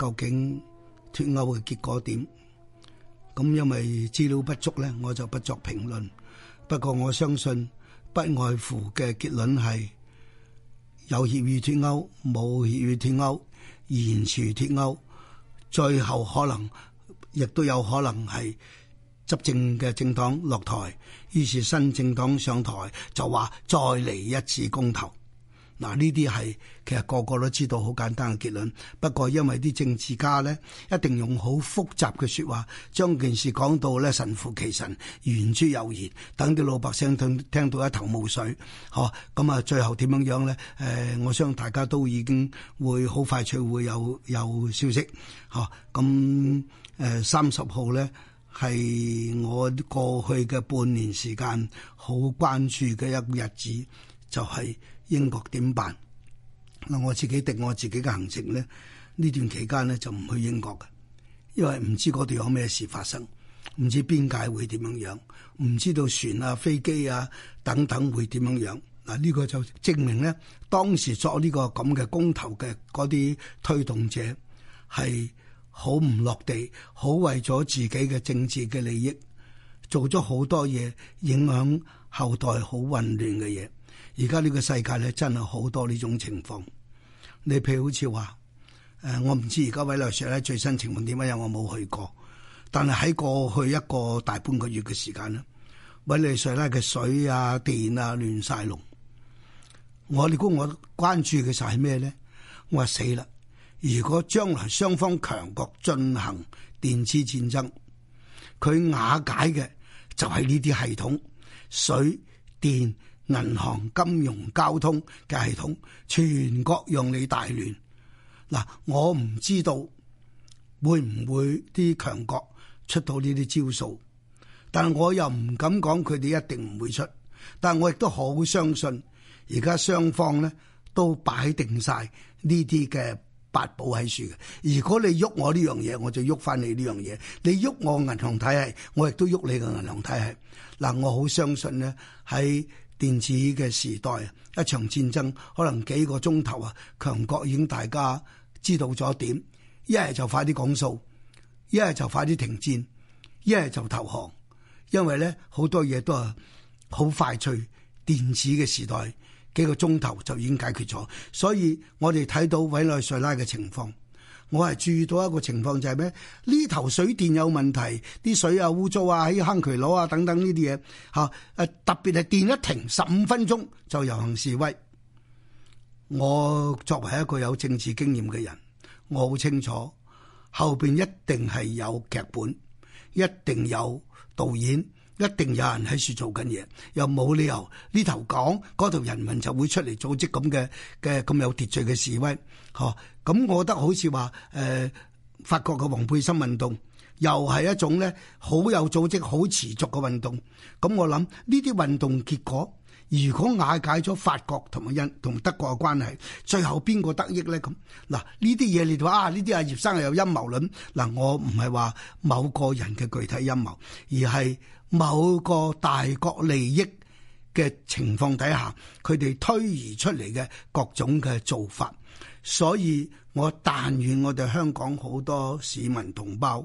究竟脫歐嘅結果點？咁因為資料不足咧，我就不作評論。不過我相信不外乎嘅結論係有協議脫歐、冇協議脫歐、延遲脫歐，最後可能亦都有可能係執政嘅政黨落台，於是新政黨上台就話再嚟一次公投。嗱，呢啲係其實個個都知道好簡單嘅結論。不過因為啲政治家咧，一定用好複雜嘅説話，將件事講到咧神乎其神、言之有然，等啲老百姓聽聽到一頭霧水。嚇，咁啊，最後點樣樣咧？誒、呃，我相信大家都已經會好快脆會有有消息。嚇，咁誒三十號咧係我過去嘅半年時間好關注嘅一日子，就係、是。英國點辦？嗱，我自己定我自己嘅行程咧。呢段期間咧就唔去英國嘅，因為唔知嗰度有咩事發生，唔知邊界會點樣樣，唔知道船啊、飛機啊等等會點樣樣。嗱，呢個就證明咧，當時作呢個咁嘅公投嘅嗰啲推動者係好唔落地，好為咗自己嘅政治嘅利益做咗好多嘢，影響後代好混亂嘅嘢。而家呢個世界咧，真係好多呢種情況。你譬如好似話，誒、呃，我唔知而家委內瑞拉最新情況點樣，因為我冇去過。但係喺過去一個大半個月嘅時間咧，委內瑞拉嘅水啊、電啊亂晒龍。我，你估我關注嘅就係咩咧？我話死啦！如果將來雙方強國進行電子戰爭，佢瓦解嘅就係呢啲系統、水電。銀行、金融、交通嘅系統全國讓你大亂。嗱，我唔知道會唔會啲強國出到呢啲招數，但係我又唔敢講佢哋一定唔會出。但我亦都好相信雙，而家雙方咧都擺定晒呢啲嘅八寶喺度。如果你喐我呢樣嘢，我就喐翻你呢樣嘢。你喐我銀行體系，我亦都喐你嘅銀行體系。嗱，我好相信咧喺。電子嘅時代啊，一場戰爭可能幾個鐘頭啊，強國已經大家知道咗點，一係就快啲講數，一係就快啲停戰，一係就投降，因為咧好多嘢都係好快脆，電子嘅時代幾個鐘頭就已經解決咗，所以我哋睇到委內瑞拉嘅情況。我係注意到一個情況就係咩？呢頭水電有問題，啲水啊污糟啊喺坑渠攞啊等等呢啲嘢嚇誒，特別係電一停十五分鐘就遊行示威。我作為一個有政治經驗嘅人，我好清楚後邊一定係有劇本，一定有導演。一定有人喺樹做緊嘢，又冇理由呢頭講，嗰度人民就會出嚟組織咁嘅嘅咁有秩序嘅示威，吓、嗯，咁我覺得好似話，誒、呃，法國嘅黃背心運動又係一種咧好有組織、好持續嘅運動。咁、嗯、我諗呢啲運動結果，如果瓦解咗法國同埋印同德國嘅關係，最後邊個得益咧？咁嗱，呢啲嘢你話啊，呢啲阿葉生係有陰謀論。嗱、嗯，我唔係話某個人嘅具體陰謀，而係。某個大國利益，嘅情況底下，佢哋推移出嚟嘅各種嘅做法，所以我但願我哋香港好多市民同胞，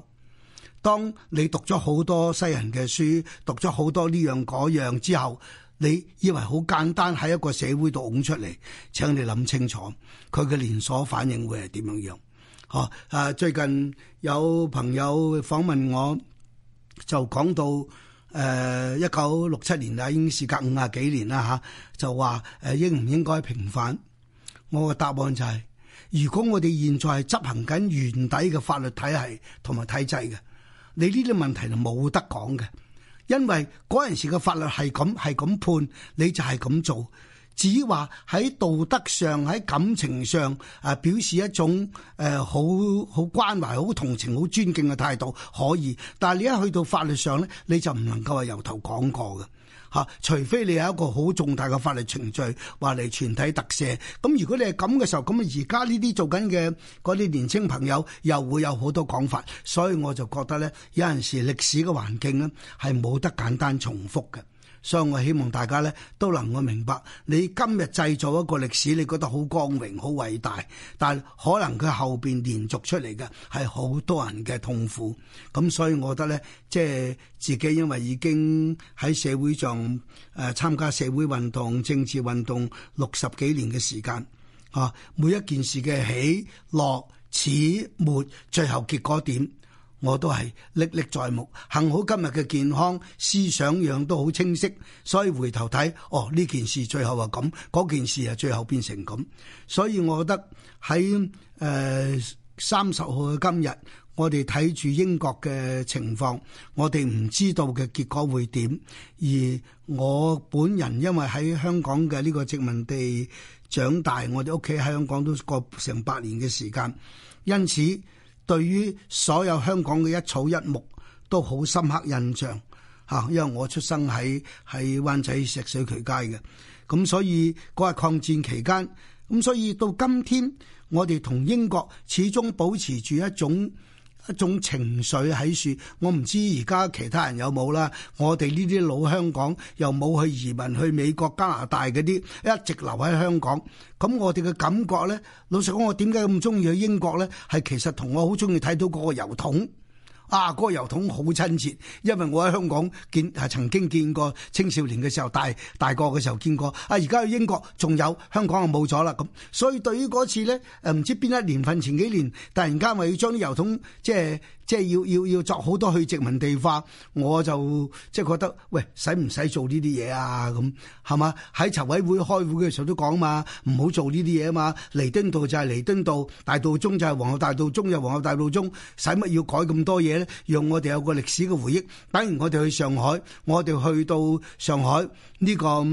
當你讀咗好多西人嘅書，讀咗好多呢樣嗰樣之後，你以為好簡單喺一個社會度拱出嚟，請你諗清楚，佢嘅連鎖反應會係點樣樣？哦，啊，最近有朋友訪問我，就講到。誒一九六七年啦，已經事隔五十幾年啦嚇，就話誒應唔應該平反？我個答案就係：如果我哋現在係執行緊原底嘅法律體系同埋體制嘅，你呢啲問題就冇得講嘅，因為嗰陣時嘅法律係咁係咁判，你就係咁做。只話喺道德上，喺感情上啊，呃，表示一種誒好好關懷、好同情、好尊敬嘅態度可以，但係你一去到法律上咧，你就唔能夠話由頭講過嘅吓，啊，除非你有一個好重大嘅法律程序，話嚟全體特赦。咁如果你係咁嘅時候，咁而家呢啲做緊嘅嗰啲年青朋友又會有好多講法，所以我就覺得咧，有陣時歷史嘅環境咧係冇得簡單重複嘅。所以我希望大家咧都能夠明白，你今日製造一個歷史，你覺得好光榮、好偉大，但係可能佢後邊連續出嚟嘅係好多人嘅痛苦。咁所以我覺得咧，即係自己因為已經喺社會上誒、呃、參加社會運動、政治運動六十幾年嘅時間，啊，每一件事嘅起落始末，最後結果點？我都係歷歷在目，幸好今日嘅健康思想樣都好清晰，所以回頭睇，哦，呢件事最後啊咁，嗰件事啊最後變成咁，所以我覺得喺誒三十號嘅今日，我哋睇住英國嘅情況，我哋唔知道嘅結果會點，而我本人因為喺香港嘅呢個殖民地長大，我哋屋企喺香港都過成百年嘅時間，因此。對於所有香港嘅一草一木都好深刻印象嚇，因為我出生喺喺灣仔石水渠街嘅，咁所以嗰日抗戰期間，咁所以到今天我哋同英國始終保持住一種。一種情緒喺處，我唔知而家其他人有冇啦。我哋呢啲老香港又冇去移民去美國、加拿大嗰啲，一直留喺香港。咁我哋嘅感覺咧，老實講，我點解咁中意去英國咧？係其實同我好中意睇到嗰個郵筒。啊！嗰、那個、油桶好親切，因為我喺香港見係曾經見過青少年嘅時候，大大個嘅時候見過。啊！而家去英國仲有，香港就冇咗啦。咁所以對於嗰次呢，誒唔知邊一年份，前幾年突然間話要將啲油桶即係。即係要要要作好多去殖民地化，我就即係覺得喂，使唔使做呢啲嘢啊？咁係嘛？喺籌委會開會嘅時候都講嘛，唔好做呢啲嘢啊嘛！彌敦道就係彌敦道，大道中就係皇后大道中，就皇后大道中大道，使乜要改咁多嘢咧？讓我哋有個歷史嘅回憶。等於我哋去上海，我哋去到上海呢、這個。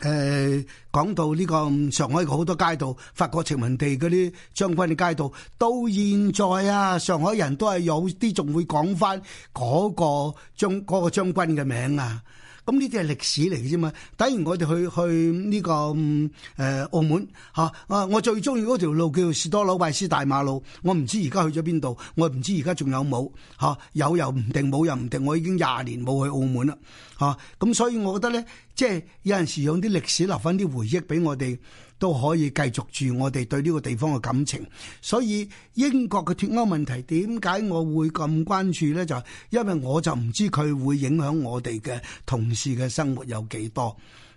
誒，講、呃、到呢個上海好多街道，法國殖民地嗰啲將軍嘅街道，到現在啊，上海人都係有啲仲會講返嗰個將嗰、嗰個將軍嘅名啊。咁呢啲係歷史嚟嘅啫嘛，等於我哋去去呢、呢個誒、呃、澳門嚇、啊，我我最中意嗰條路叫士多鳥拜斯大馬路，我唔知而家去咗邊度，我唔知而家仲有冇嚇有、啊、有又唔定，冇又唔定，我已經廿年冇去澳門啦嚇，咁、啊、所以我覺得咧，即係有陣時用啲歷史留返啲回憶俾我哋。都可以繼續住我哋對呢個地方嘅感情，所以英國嘅脱歐問題點解我會咁關注呢？就係因為我就唔知佢會影響我哋嘅同事嘅生活有幾多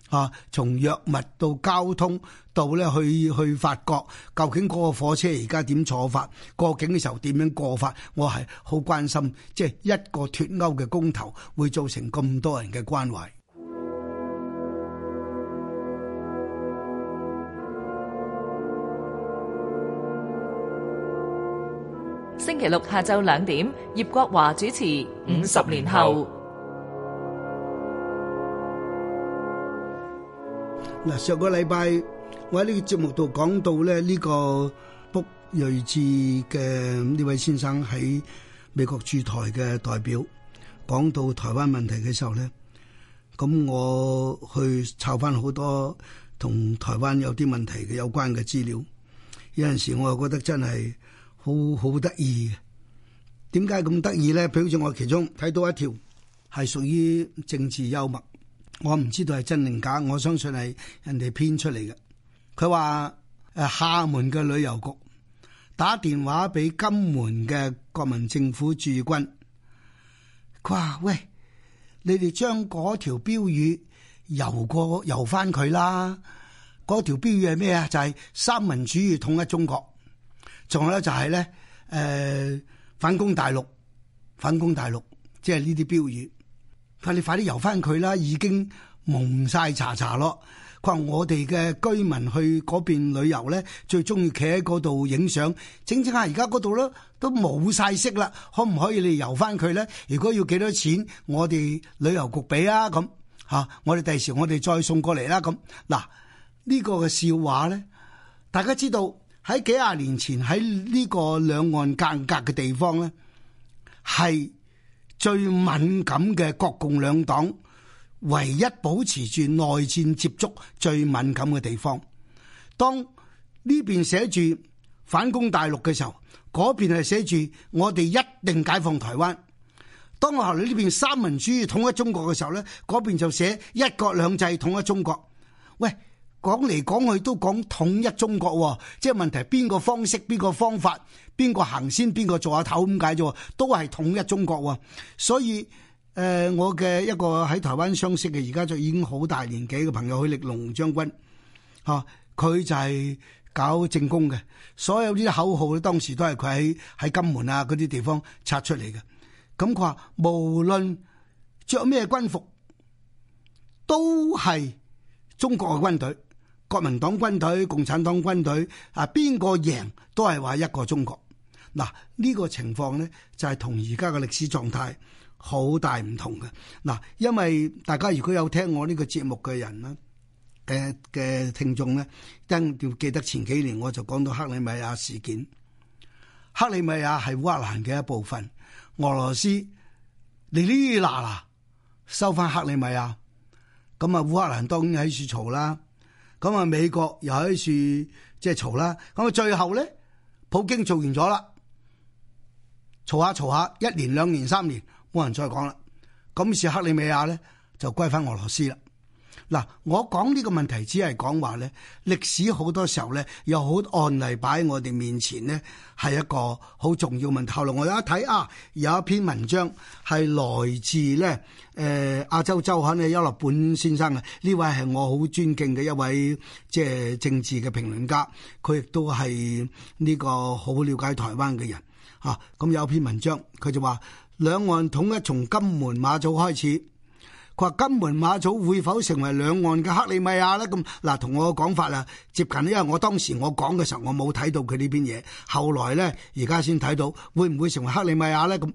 啊？從藥物到交通到呢，去去法國，究竟嗰個火車而家點坐法？過境嘅時候點樣過法？我係好關心，即係一個脱歐嘅公投會造成咁多人嘅關懷。星期六下晝兩點，葉國華主持《五十年後》。嗱，上個禮拜我喺呢個節目度講到咧，呢個卜瑞智嘅呢位先生喺美國駐台嘅代表，講到台灣問題嘅時候咧，咁我去抄返好多同台灣有啲問題嘅有關嘅資料，有陣時我又覺得真係。好好得意嘅，點解咁得意咧？譬如，好似我其中睇到一條係屬於政治幽默，我唔知道係真定假，我相信係人哋編出嚟嘅。佢話誒，廈門嘅旅遊局打電話俾金門嘅國民政府駐軍，佢話喂，你哋將嗰條標語游過游翻佢啦。嗰條標語係咩啊？就係三民主義統一中國。仲有咧就係、是、咧，誒、呃，反攻大陸，反攻大陸，即係呢啲標語，佢話你快啲游翻佢啦，已經蒙晒查查咯。佢話我哋嘅居民去嗰邊旅遊咧，最中意企喺嗰度影相，整整下而家嗰度咯都冇晒色啦，可唔可以你游翻佢咧？如果要幾多錢，我哋旅遊局俾啊，咁吓，我哋第時我哋再送過嚟啦，咁嗱，呢、這個嘅笑話咧，大家知道。喺幾廿年前，喺呢個兩岸間隔嘅地方咧，係最敏感嘅國共兩黨唯一保持住內戰接觸最敏感嘅地方。當呢邊寫住反攻大陸嘅時候，嗰邊係寫住我哋一定解放台灣。當我後嚟呢邊三民主義統一中國嘅時候咧，嗰邊就寫一國兩制統一中國。喂！講嚟講去都講統一中國，即係問題邊個方式、邊個方法、邊個行先、邊個做下頭咁解啫，都係統一中國。所以誒、呃，我嘅一個喺台灣相識嘅，而家就已經好大年紀嘅朋友許力龍將軍，吓、啊、佢就係搞政工嘅，所有呢啲口號咧，當時都係佢喺喺金門啊嗰啲地方拆出嚟嘅。咁佢話無論着咩軍服，都係中國嘅軍隊。國民黨軍隊、共產黨軍隊啊，邊個贏都係話一個中國嗱。呢、這個情況呢，就係、是、同而家嘅歷史狀態好大唔同嘅嗱。因為大家如果有聽我個節聽呢個節目嘅人啦，嘅嘅聽眾咧，一定要記得前幾年我就講到克里米亞事件。克里米亞係烏克蘭嘅一部分，俄羅斯嚟呢拿啦收翻克里米亞，咁啊烏克蘭當然喺處嘈啦。咁啊，美國又喺處即係嘈啦，咁、就、啊、是、最後咧，普京做完咗啦，嘈下嘈下，一年兩年三年，冇人再講啦，咁於是克里米亞咧就歸翻俄羅斯啦。嗱，我講呢個問題，只係講話咧，歷史好多時候咧，有好多案例擺喺我哋面前呢係一個好重要問題。後來我哋一睇啊，有一篇文章係來自咧，誒、呃、亞洲周刊嘅邱立本先生嘅，呢位係我好尊敬嘅一位即係政治嘅評論家，佢亦都係呢個好了解台灣嘅人嚇。咁、啊、有一篇文章，佢就話兩岸統一從金門馬祖開始。佢話金門馬祖會否成為兩岸嘅克里米亞呢？咁嗱，同我嘅講法啊接近，因為我當時我講嘅時候，我冇睇到佢呢邊嘢，後來呢，而家先睇到，會唔會成為克里米亞呢？咁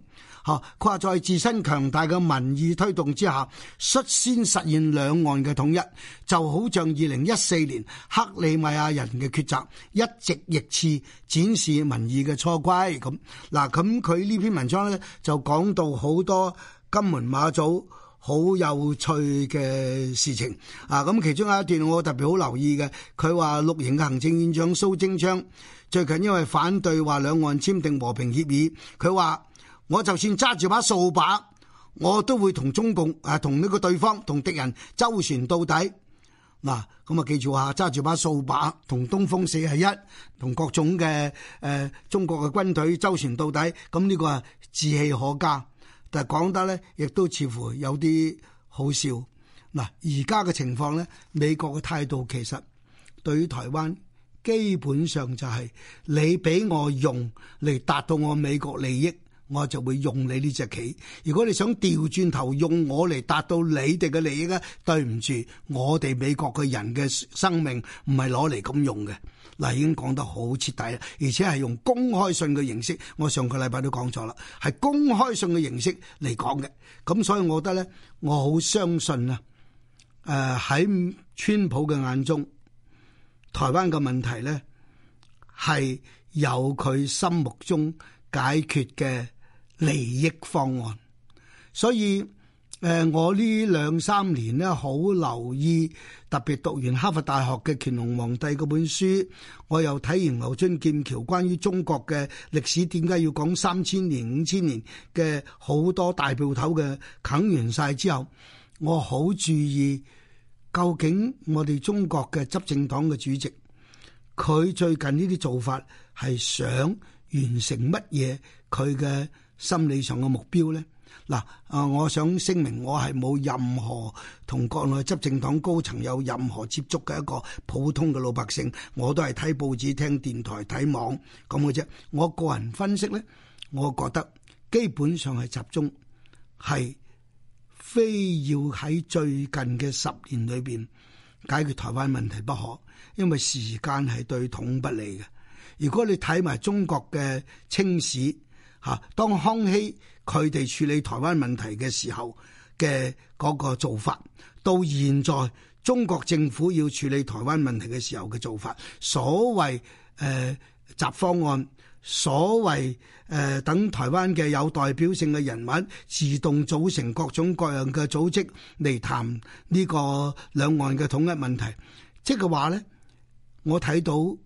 嚇佢話，在自身強大嘅民意推動之下，率先實現兩岸嘅統一，就好像二零一四年克里米亞人嘅抉擇，一直逆刺展示民意嘅錯歸咁嗱。咁佢呢篇文章呢，就講到好多金門馬祖。好有趣嘅事情啊！咁其中有一段我特別好留意嘅，佢話綠營嘅行政院長蘇貞昌最近因為反對話兩岸簽訂和平協議，佢話，我就算揸住把掃把，我都會同中共啊同呢個對方同敵人周旋到底。嗱、啊，咁啊記住下揸住把掃把，同東風四十一，同各種嘅誒、呃、中國嘅軍隊周旋到底，咁呢個啊志氣可嘉。但講得咧，亦都似乎有啲好笑。嗱，而家嘅情況咧，美國嘅態度其實對於台灣基本上就係你俾我用嚟達到我美國利益。我就會用你呢隻棋。如果你想調轉頭用我嚟達到你哋嘅利益咧，對唔住，我哋美國嘅人嘅生命唔係攞嚟咁用嘅。嗱，已經講得好徹底啦，而且係用公開信嘅形式。我上個禮拜都講咗啦，係公開信嘅形式嚟講嘅。咁所以我覺得咧，我好相信啊。誒、呃、喺川普嘅眼中，台灣嘅問題咧係由佢心目中解決嘅。利益方案，所以誒，我呢兩三年咧，好留意，特別讀完哈佛大學嘅乾隆皇帝嗰本書，我又睇完牛津劍橋關於中國嘅歷史，點解要講三千年、五千年嘅好多大部頭嘅啃完晒之後，我好注意究竟我哋中國嘅執政黨嘅主席，佢最近呢啲做法係想完成乜嘢？佢嘅心理上嘅目標咧，嗱，啊，我想聲明，我係冇任何同國內執政黨高層有任何接觸嘅一個普通嘅老百姓，我都係睇報紙、聽電台、睇網咁嘅啫。我個人分析咧，我覺得基本上係集中係非要喺最近嘅十年裏邊解決台灣問題不可，因為時間係對統不利嘅。如果你睇埋中國嘅清史。吓，當康熙佢哋處理台灣問題嘅時候嘅嗰個做法，到現在中國政府要處理台灣問題嘅時候嘅做法，所謂誒、呃、集方案，所謂誒、呃、等台灣嘅有代表性嘅人物自動組成各種各樣嘅組織嚟談呢個兩岸嘅統一問題，即係話咧，我睇到。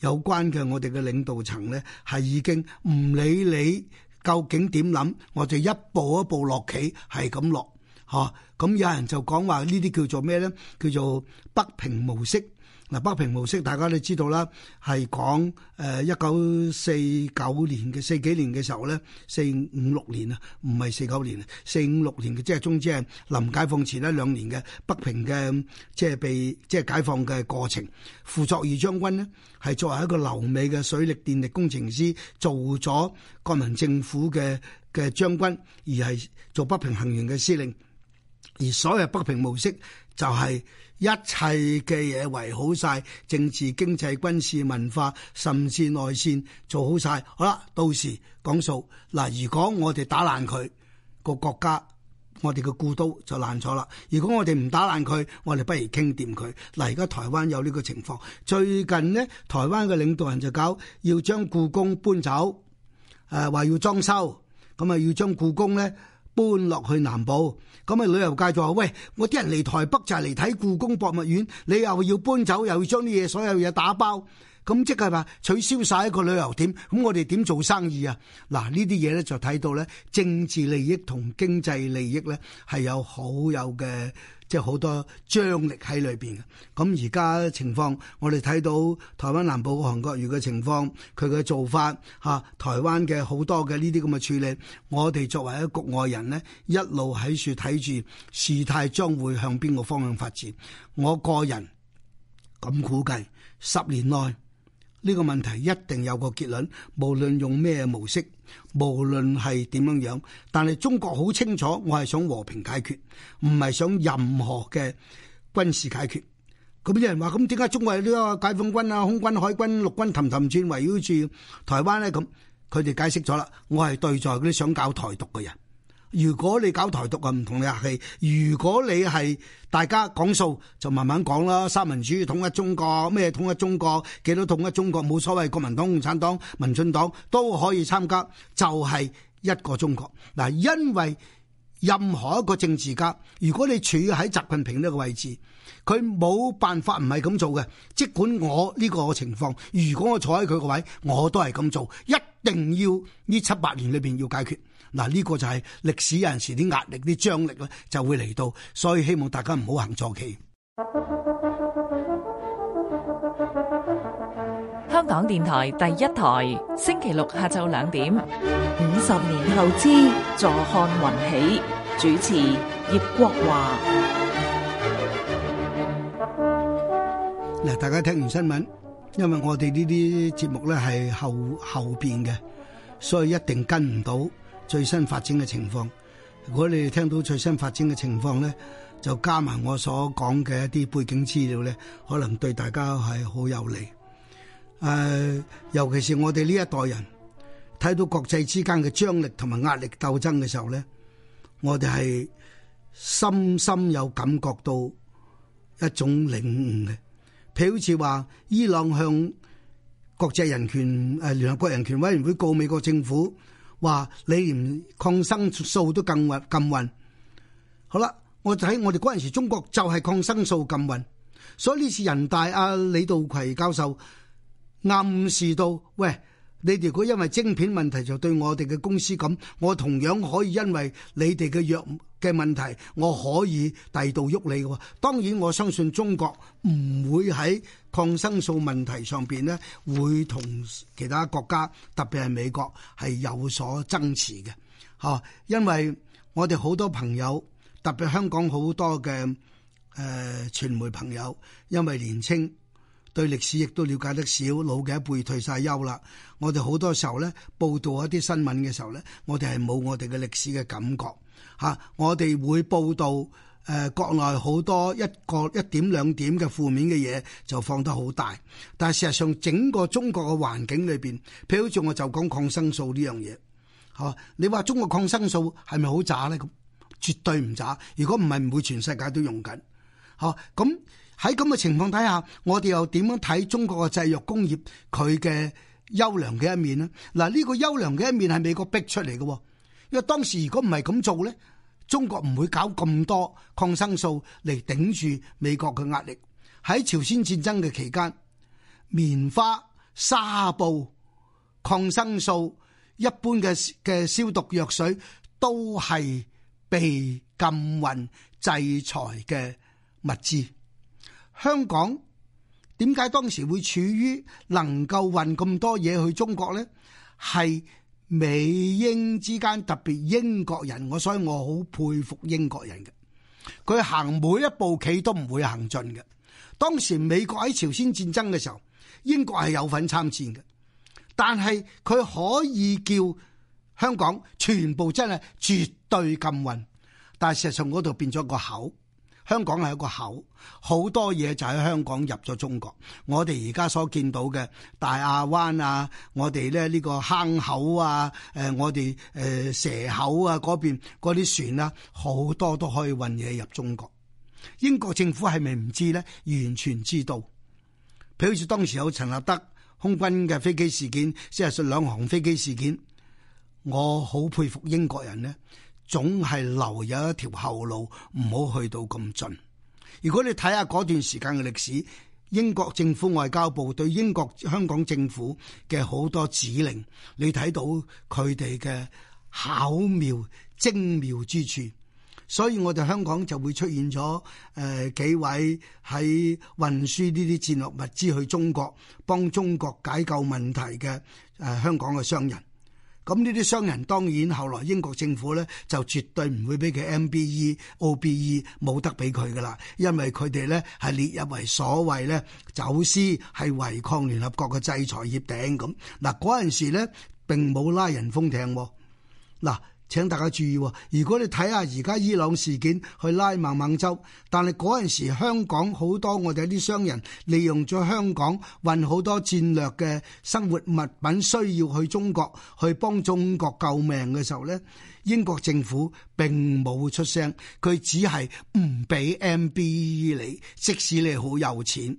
有關嘅我哋嘅領導層呢，係已經唔理你究竟點諗，我哋一步一步落棋係咁落，吓咁、嗯嗯、有人就講話呢啲叫做咩咧？叫做北平模式。嗱，北平模式大家都知道啦，係講誒一九四九年嘅四幾年嘅時候咧，四五六年啊，唔係四九年，四五六年嘅即係總之係臨解放前一兩年嘅北平嘅即係被即係解放嘅過程。傅作義將軍呢，係作為一個留美嘅水力電力工程師，做咗國民政府嘅嘅將軍，而係做北平行轅嘅司令，而所謂北平模式。就係一切嘅嘢維好晒，政治、經濟、軍事、文化，甚至內線做好晒。好啦，到時講數。嗱，如果我哋打爛佢個國家，我哋嘅故都就爛咗啦。如果我哋唔打爛佢，我哋不如傾掂佢。嗱，而家台灣有呢個情況。最近呢，台灣嘅領導人就搞要將故宮搬走，誒話要裝修，咁啊要將故宮咧。搬落去南部，咁啊旅遊界就話：喂，我啲人嚟台北就係嚟睇故宮博物院，你又要搬走，又要將啲嘢、所有嘢打包。咁即係話取消晒一個旅遊點，咁我哋點做生意啊？嗱，呢啲嘢咧就睇到咧政治利益同經濟利益咧係有好有嘅，即係好多張力喺裏邊嘅。咁而家情況，我哋睇到台灣南部個韓國瑜嘅情況，佢嘅做法吓，台灣嘅好多嘅呢啲咁嘅處理，我哋作為一個局外人呢，一路喺處睇住事態將會向邊個方向發展。我個人咁估計，十年內。呢個問題一定有個結論，無論用咩模式，無論係點樣樣，但係中國好清楚，我係想和平解決，唔係想任何嘅軍事解決。咁、嗯、有人話，咁點解中國有呢個解放軍啊、空軍、海軍、陸軍氹氹轉圍繞住台灣呢？嗯，咁佢哋解釋咗啦，我係對在嗰啲想搞台獨嘅人。如果你搞台獨啊，唔同你客氣。如果你係大家講數，就慢慢講啦。三民主義統一中國，咩統一中國，幾多統一中國，冇所謂。國民黨、共產黨、民進黨都可以參加，就係一個中國嗱。因為任何一個政治家，如果你處喺習近平呢個位置，佢冇辦法唔係咁做嘅。即管我呢個情況，如果我坐喺佢個位，我都係咁做，一定要呢七八年裏邊要解決。嗱，呢個就係歷史有陣時啲壓力、啲張力咧，就會嚟到，所以希望大家唔好行坐騎。香港電台第一台，星期六下晝兩點，五十年後之，坐看雲起，主持葉國華。嗱，大家聽完新聞，因為我哋呢啲節目咧係後後邊嘅，所以一定跟唔到。最新發展嘅情況，如果你哋聽到最新發展嘅情況咧，就加埋我所講嘅一啲背景資料咧，可能對大家係好有利。誒、呃，尤其是我哋呢一代人睇到國際之間嘅張力同埋壓力鬥爭嘅時候咧，我哋係深深有感覺到一種領悟嘅。譬如好似話，伊朗向國際人權誒聯合國人權委員會告美國政府。話你連抗生素都禁運禁運。好啦，我睇我哋嗰陣時中國就係抗生素禁運，所以呢次人大阿、啊、李稻葵教授暗示到，喂。你哋如果因為晶片問題就對我哋嘅公司咁，我同樣可以因為你哋嘅藥嘅問題，我可以第度喐你嘅。當然我相信中國唔會喺抗生素問題上邊呢，會同其他國家，特別係美國係有所爭持嘅。吓，因為我哋好多朋友，特別香港好多嘅誒、呃、傳媒朋友，因為年輕。對歷史亦都了解得少，老嘅一輩退晒休啦。我哋好多時候咧報道一啲新聞嘅時候咧，我哋係冇我哋嘅歷史嘅感覺吓、啊。我哋會報道誒、呃、國內好多一個一點兩點嘅負面嘅嘢就放得好大。但係事實上，整個中國嘅環境裏邊，譬如好似我就講抗生素呢樣嘢，吓、啊、你話中國抗生素係咪好渣咧？咁絕對唔渣。如果唔係，唔會全世界都用緊吓咁。啊喺咁嘅情況底下，我哋又點樣睇中國嘅製藥工業佢嘅優良嘅一面咧？嗱，呢個優良嘅一面係美國逼出嚟嘅，因為當時如果唔係咁做咧，中國唔會搞咁多抗生素嚟頂住美國嘅壓力。喺朝鮮戰爭嘅期間，棉花、紗布、抗生素、一般嘅嘅消毒藥水都係被禁運制裁嘅物資。香港點解當時會處於能夠運咁多嘢去中國咧？係美英之間特別英國人，我所以我好佩服英國人嘅。佢行每一步棋都唔會行盡嘅。當時美國喺朝鮮戰爭嘅時候，英國係有份參戰嘅，但係佢可以叫香港全部真係絕對禁運，但係事實上嗰度變咗個口。香港係一個口，好多嘢就喺香港入咗中國。我哋而家所見到嘅大亞灣啊，我哋咧呢個坑口啊，誒我哋誒蛇口啊嗰邊嗰啲船啊，好多都可以運嘢入中國。英國政府係咪唔知呢？完全知道。譬如好似當時有陳立德空軍嘅飛機事件，即係說兩航飛機事件，我好佩服英國人呢。總係留有一條後路，唔好去到咁盡。如果你睇下嗰段時間嘅歷史，英國政府外交部對英國香港政府嘅好多指令,你睇到佢哋嘅巧妙精妙之處。所以我哋香港就會出現咗誒幾位喺運輸呢啲戰略物資去中國，幫中國解救問題嘅誒香港嘅商人。咁呢啲商人，當然後來英國政府咧就絕對唔會俾佢 MBE、OBE 冇得俾佢噶啦，因為佢哋咧係列入為所謂咧走私，係違抗聯合國嘅制裁協定咁。嗱，嗰陣時咧並冇拉人封艇，啊，嗱。請大家注意，如果你睇下而家伊朗事件去拉孟晚舟，但係嗰陣時香港好多我哋啲商人利用咗香港運好多戰略嘅生活物品，需要去中國去幫中國救命嘅時候呢，英國政府並冇出聲，佢只係唔俾 MBE 你，即使你好有錢。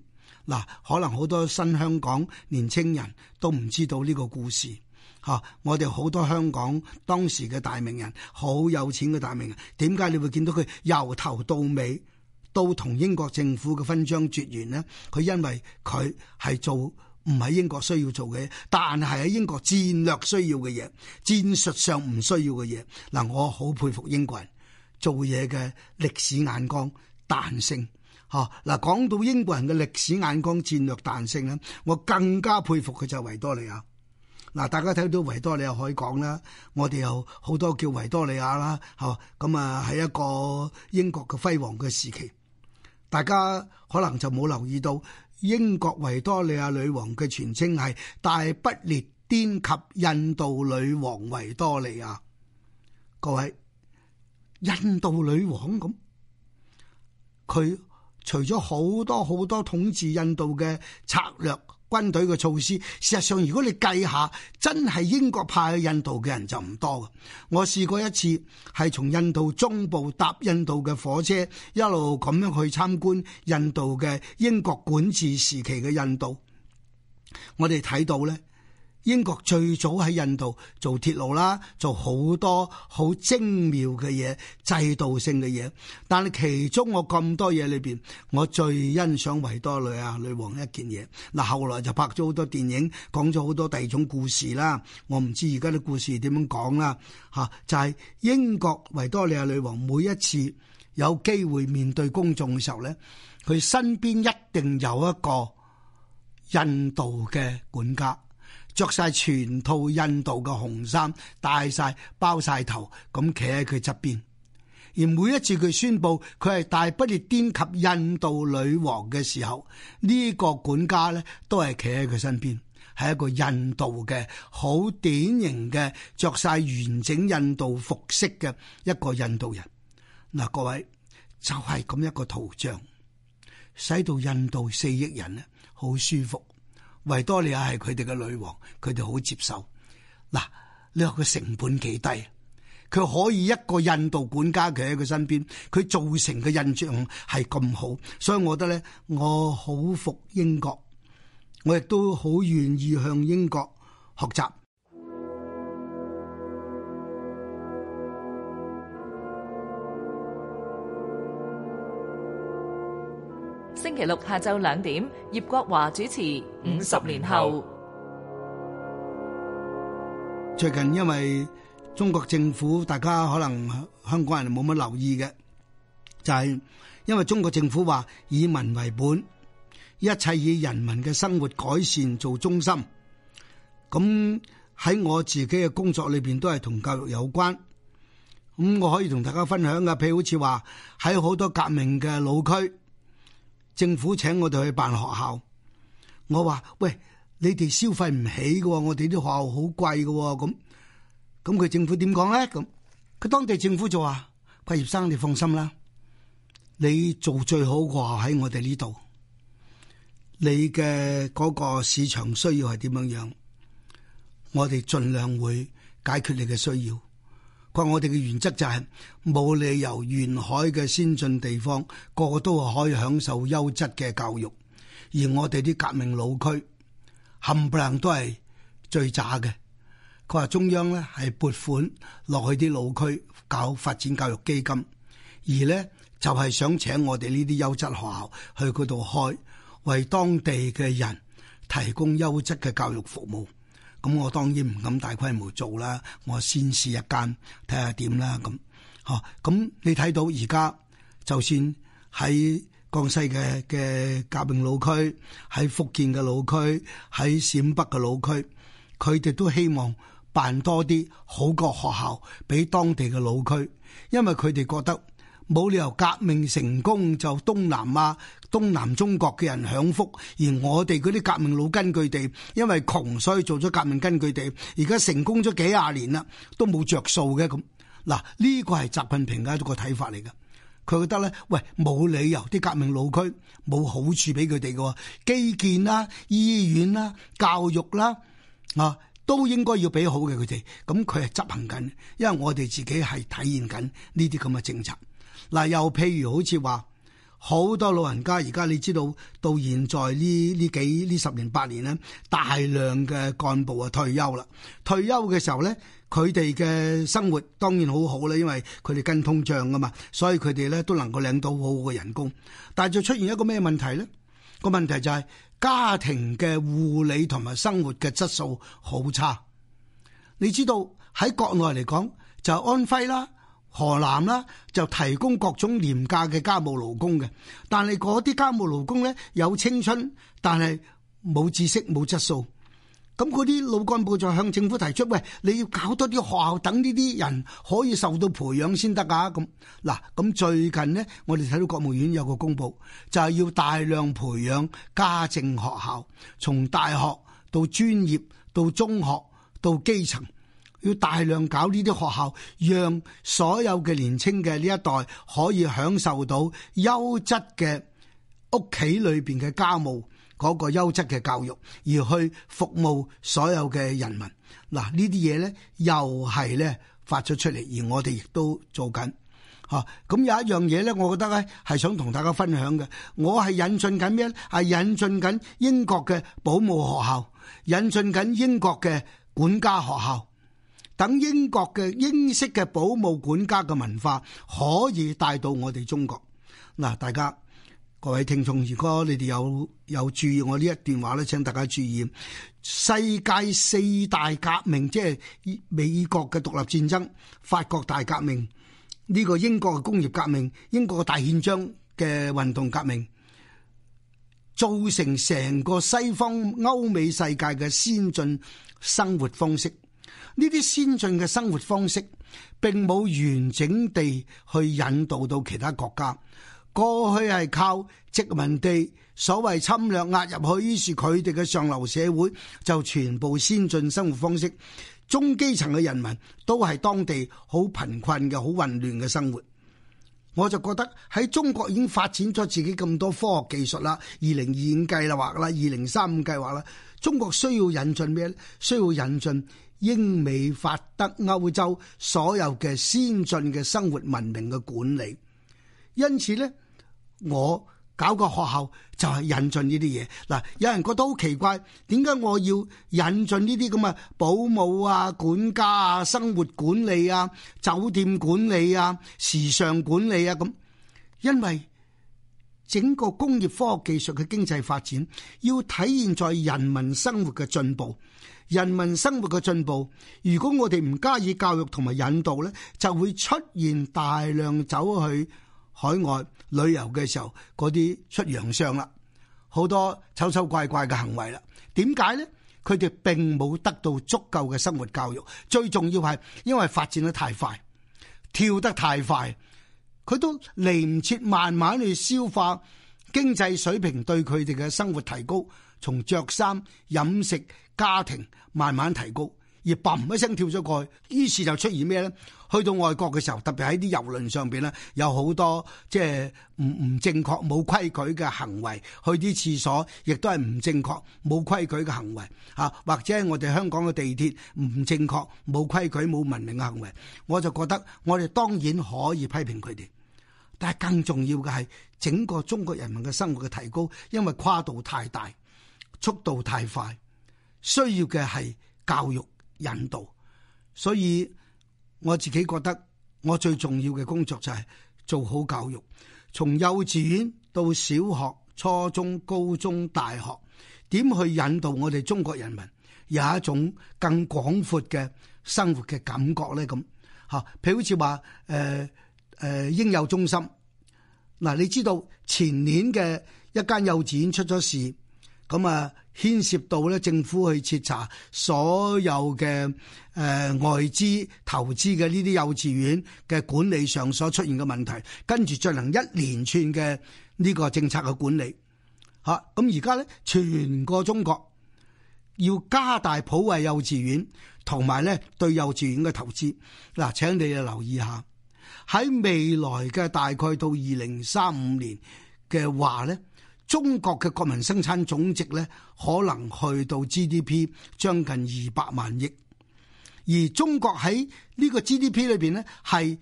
嗱，可能好多新香港年青人都唔知道呢個故事。吓！我哋好多香港當時嘅大名人，好有錢嘅大名人，點解你會見到佢由頭到尾都同英國政府嘅勳章絕緣呢？佢因為佢係做唔係英國需要做嘅，但係喺英國戰略需要嘅嘢、戰術上唔需要嘅嘢。嗱，我好佩服英國人做嘢嘅歷史眼光、彈性。吓！嗱，講到英國人嘅歷史眼光、戰略彈性咧，我更加佩服佢就係維多利亞。嗱，大家睇到維多利亞海港啦，我哋有好多叫維多利亞啦，吓，咁啊喺一個英國嘅輝煌嘅時期，大家可能就冇留意到英國維多利亞女王嘅全稱係大不列顛及印度女王維多利亞，各位，印度女王咁，佢除咗好多好多統治印度嘅策略。軍隊嘅措施，事實上，如果你計下，真係英國派去印度嘅人就唔多。我試過一次，係從印度中部搭印度嘅火車，一路咁樣去參觀印度嘅英國管治時期嘅印度，我哋睇到呢。英國最早喺印度做鐵路啦，做好多好精妙嘅嘢，制度性嘅嘢。但係其中我咁多嘢裏邊，我最欣賞維多利亞女王一件嘢。嗱，後來就拍咗好多電影，講咗好多第二種故事啦。我唔知而家啲故事點樣講啦嚇，就係英國維多利亞女王每一次有機會面對公眾嘅時候咧，佢身邊一定有一個印度嘅管家。着晒全套印度嘅紅衫，戴晒包晒頭，咁企喺佢側邊。而每一次佢宣布，佢係大不列顛及印度女王嘅時候，呢、這個管家咧都係企喺佢身邊，係一個印度嘅好典型嘅着晒完整印度服飾嘅一個印度人。嗱、呃，各位就係、是、咁一個圖像，使到印度四億人咧好舒服。維多利亞係佢哋嘅女王，佢哋好接受。嗱，呢個成本幾低，佢可以一個印度管家企喺佢身邊，佢造成嘅印象係咁好，所以我覺得咧，我好服英國，我亦都好願意向英國學習。星期六下晝兩點，葉國華主持《五十年後》。最近因為中國政府，大家可能香港人冇乜留意嘅，就係因為中國政府話以民為本，一切以人民嘅生活改善做中心。咁喺我自己嘅工作裏邊都係同教育有關。咁我可以同大家分享嘅，譬如好似話喺好多革命嘅老區。政府請我哋去辦學校，我話喂，你哋消費唔起嘅，我哋啲學校好貴嘅咁咁。佢政府點講咧？咁佢當地政府就話：畢業生，你放心啦，你做最好嘅學校喺我哋呢度。你嘅嗰個市場需要係點樣樣，我哋盡量會解決你嘅需要。佢話，我哋嘅原則就係、是、冇理由沿海嘅先進地方個個都可以享受優質嘅教育，而我哋啲革命老區冚唪唥都係最渣嘅。佢話中央咧，係撥款落去啲老區搞發展教育基金，而咧就係、是、想請我哋呢啲優質學校去嗰度開，為當地嘅人提供優質嘅教育服務。咁我當然唔敢大規模做啦，我先試一間睇下點啦咁。嚇，咁你睇到而家，就算喺江西嘅嘅革命老區，喺福建嘅老區，喺陝北嘅老區，佢哋都希望辦多啲好過學校俾當地嘅老區，因為佢哋覺得冇理由革命成功就東南亞。東南中國嘅人享福，而我哋嗰啲革命老根據地，因為窮，所以做咗革命根據地，而家成功咗幾廿年啦，都冇着數嘅。咁。嗱，呢個係習近平嘅一個睇法嚟㗎，佢覺得咧，喂，冇理由啲革命老區冇好處俾佢哋㗎，基建啦、啊、醫院啦、啊、教育啦啊，啊，都應該要俾好嘅佢哋。咁佢係執行緊，因為我哋自己係體驗緊呢啲咁嘅政策。嗱，又譬如好似話。好多老人家而家你知道，到現在呢，呢幾呢十年八年咧，大量嘅幹部啊退休啦。退休嘅時候咧，佢哋嘅生活當然好好啦，因為佢哋跟通脹噶嘛，所以佢哋咧都能夠領到好好嘅人工。但係就出現一個咩問題咧？個問題就係、是、家庭嘅護理同埋生活嘅質素好差。你知道喺國內嚟講，就安徽啦。河南啦，就提供各種廉價嘅家務勞工嘅，但係嗰啲家務勞工咧有青春，但係冇知識、冇質素。咁嗰啲老幹部就向政府提出：喂，你要搞多啲學校，等呢啲人可以受到培養先得㗎。咁嗱，咁最近呢，我哋睇到國務院有個公布，就係要大量培養家政學校，從大學到專業，到中學，到基層。要大量搞呢啲學校，讓所有嘅年青嘅呢一代可以享受到優質嘅屋企裏邊嘅家務嗰個優質嘅教育，而去服務所有嘅人民嗱。呢啲嘢咧又係咧發咗出嚟，而我哋亦都做緊吓，咁有一樣嘢咧，我覺得咧係想同大家分享嘅。我係引進緊咩咧？係引進緊英國嘅保姆學校，引進緊英國嘅管家學校。等英國嘅英式嘅保姆管家嘅文化可以帶到我哋中國嗱，大家各位聽眾，如果你哋有有注意我呢一段話咧，請大家注意，世界四大革命，即係美國嘅獨立戰爭、法國大革命、呢個英國嘅工業革命、英國嘅大憲章嘅運動革命，造成成個西方歐美世界嘅先進生活方式。呢啲先進嘅生活方式，並冇完整地去引導到其他國家。過去係靠殖民地所謂侵略壓入去，於是佢哋嘅上流社會就全部先進生活方式，中基層嘅人民都係當地好貧困嘅，好混亂嘅生活。我就覺得喺中國已經發展咗自己咁多科學技術啦，二零二五計劃啦，二零三五計劃啦，中國需要引進咩？需要引進。英美法德歐洲所有嘅先進嘅生活文明嘅管理，因此咧，我搞個學校就係引進呢啲嘢。嗱，有人覺得好奇怪，點解我要引進呢啲咁嘅保姆啊、管家啊、生活管理啊、酒店管理啊、時尚管理啊咁？因為整個工業科學技術嘅經濟發展，要體現在人民生活嘅進步。人民生活嘅進步，如果我哋唔加以教育同埋引導咧，就會出現大量走去海外旅遊嘅時候嗰啲出洋相啦，好多醜醜怪怪嘅行為啦。點解咧？佢哋並冇得到足夠嘅生活教育，最重要係因為發展得太快，跳得太快，佢都嚟唔切，慢慢去消化經濟水平對佢哋嘅生活提高，從着衫、飲食。家庭慢慢提高，而嘣一聲跳咗過去，於是就出現咩咧？去到外國嘅時候，特別喺啲郵輪上邊咧，有好多即係唔唔正確、冇規矩嘅行為；去啲廁所亦都係唔正確、冇規矩嘅行為。吓或者我哋香港嘅地鐵唔正確、冇規矩、冇文明嘅行為，我就覺得我哋當然可以批評佢哋，但係更重要嘅係整個中國人民嘅生活嘅提高，因為跨度太大，速度太快。需要嘅係教育引導，所以我自己覺得我最重要嘅工作就係做好教育，從幼稚園到小學、初中、高中、大學，點去引導我哋中國人民有一種更廣闊嘅生活嘅感覺咧？咁吓，譬如好似話誒誒應有中心，嗱，你知道前年嘅一間幼稚園出咗事。咁啊，牽涉到咧政府去徹查所有嘅誒、呃、外資投資嘅呢啲幼稚園嘅管理上所出現嘅問題，跟住進行一連串嘅呢個政策嘅管理嚇。咁而家咧，全個中國要加大普惠幼稚園，同埋咧對幼稚園嘅投資。嗱、啊，請你哋留意下喺未來嘅大概到二零三五年嘅話咧。中國嘅國民生產總值咧，可能去到 GDP 將近二百萬億，而中國喺呢個 GDP 裏邊咧，係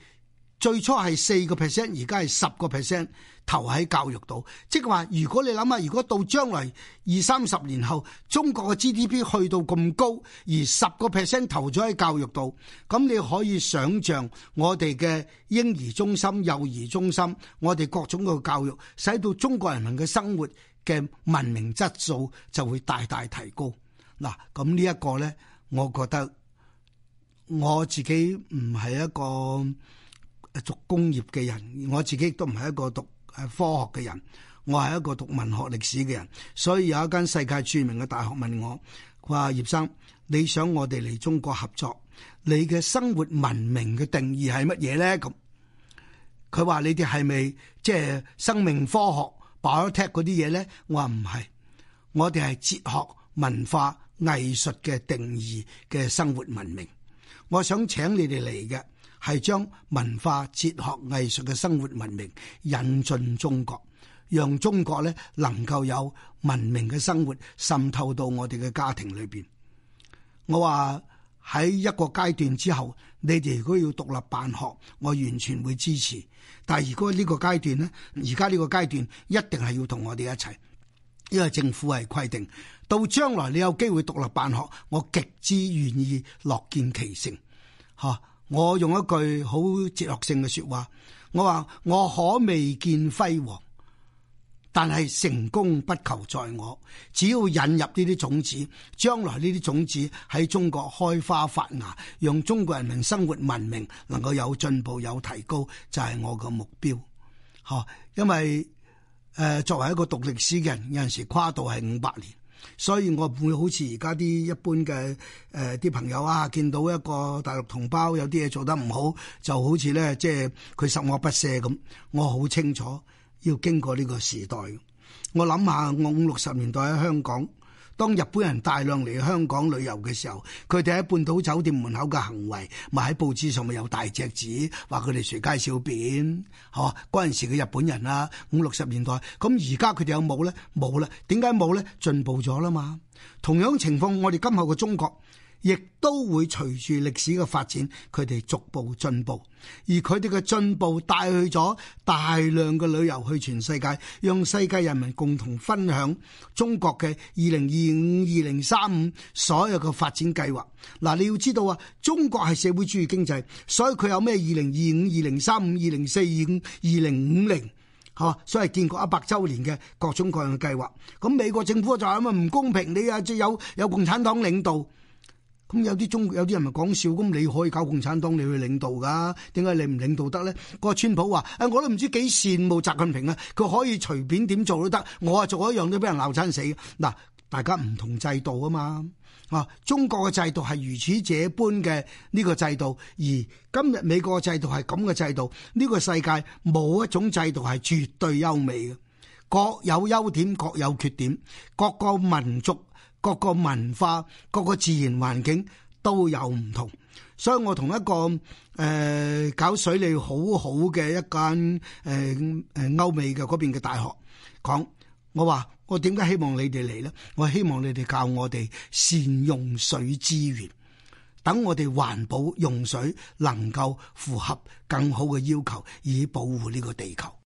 最初係四個 percent，而家係十個 percent。投喺教育度，即係話，如果你諗下，如果到將來二三十年後中國嘅 GDP 去到咁高，而十個 percent 投咗喺教育度，咁你可以想象我哋嘅嬰兒中心、幼兒中心，我哋各種嘅教育，使到中國人民嘅生活嘅文明質素就會大大提高嗱。咁呢一個咧，我覺得我自己唔係一個做工業嘅人，我自己都唔係一個讀。係科學嘅人，我係一個讀文學歷史嘅人，所以有一間世界著名嘅大學問我，佢話葉生，你想我哋嚟中國合作，你嘅生活文明嘅定義係乜嘢咧？咁佢話你哋係咪即係生命科學、bio-tech 嗰啲嘢咧？我話唔係，我哋係哲學、文化、藝術嘅定義嘅生活文明，我想請你哋嚟嘅。係將文化、哲學、藝術嘅生活文明引進中國，讓中國咧能夠有文明嘅生活滲透到我哋嘅家庭裏邊。我話喺一個階段之後，你哋如果要獨立辦學，我完全會支持。但係如果呢個階段呢，而家呢個階段一定係要同我哋一齊，因為政府係規定。到將來你有機會獨立辦學，我極之願意樂見其成，吓。我用一句好哲學性嘅說話，我話我可未見輝煌，但係成功不求在我，只要引入呢啲種子，將來呢啲種子喺中國開花發芽，讓中國人民生活文明，能夠有進步有提高，就係、是、我嘅目標。吓，因為誒，作為一個讀歷史嘅人，有陣時跨度係五百年。所以我唔會好似而家啲一般嘅誒啲朋友啊，見到一個大陸同胞有啲嘢做得唔好，就好似咧，即係佢十惡不赦咁。我好清楚要經過呢個時代。我諗下我五六十年代喺香港。當日本人大量嚟香港旅遊嘅時候，佢哋喺半島酒店門口嘅行為，咪喺報紙上面有大隻字，話佢哋隨街小便。嚇、啊，嗰陣時嘅日本人啊，五六十年代，咁而家佢哋有冇咧？冇啦。點解冇咧？進步咗啦嘛。同樣情況，我哋今後嘅中國。亦都會隨住歷史嘅發展，佢哋逐步進步，而佢哋嘅進步帶去咗大量嘅旅遊去全世界，讓世界人民共同分享中國嘅二零二五、二零三五所有嘅發展計劃。嗱，你要知道啊，中國係社會主義經濟，所以佢有咩二零二五、二零三五、二零四五、二零五零，嚇，所以係建國一百週年嘅各種各樣嘅計劃。咁美國政府就話咩唔公平？你啊，即有有共產黨領導。咁有啲中國，有啲人咪講笑，咁你可以搞共產黨，你去領導噶，點解你唔領導得咧？嗰個川普話：誒，我都唔知幾羨慕習近平啊！佢可以隨便點做都得，我啊做一樣都俾人鬧親死。嗱，大家唔同制度啊嘛，啊，中國嘅制度係如此這般嘅呢個制度，而今日美國嘅制度係咁嘅制度。呢個世界冇一種制度係絕對優美嘅，各有優點，各有缺點，各有缺點，各個民族。各個文化、各個自然環境都有唔同，所以我同一個誒、呃、搞水利好好嘅一間誒誒歐美嘅嗰邊嘅大學講，我話我點解希望你哋嚟咧？我希望你哋教我哋善用水資源，等我哋環保用水能夠符合更好嘅要求，以保護呢個地球。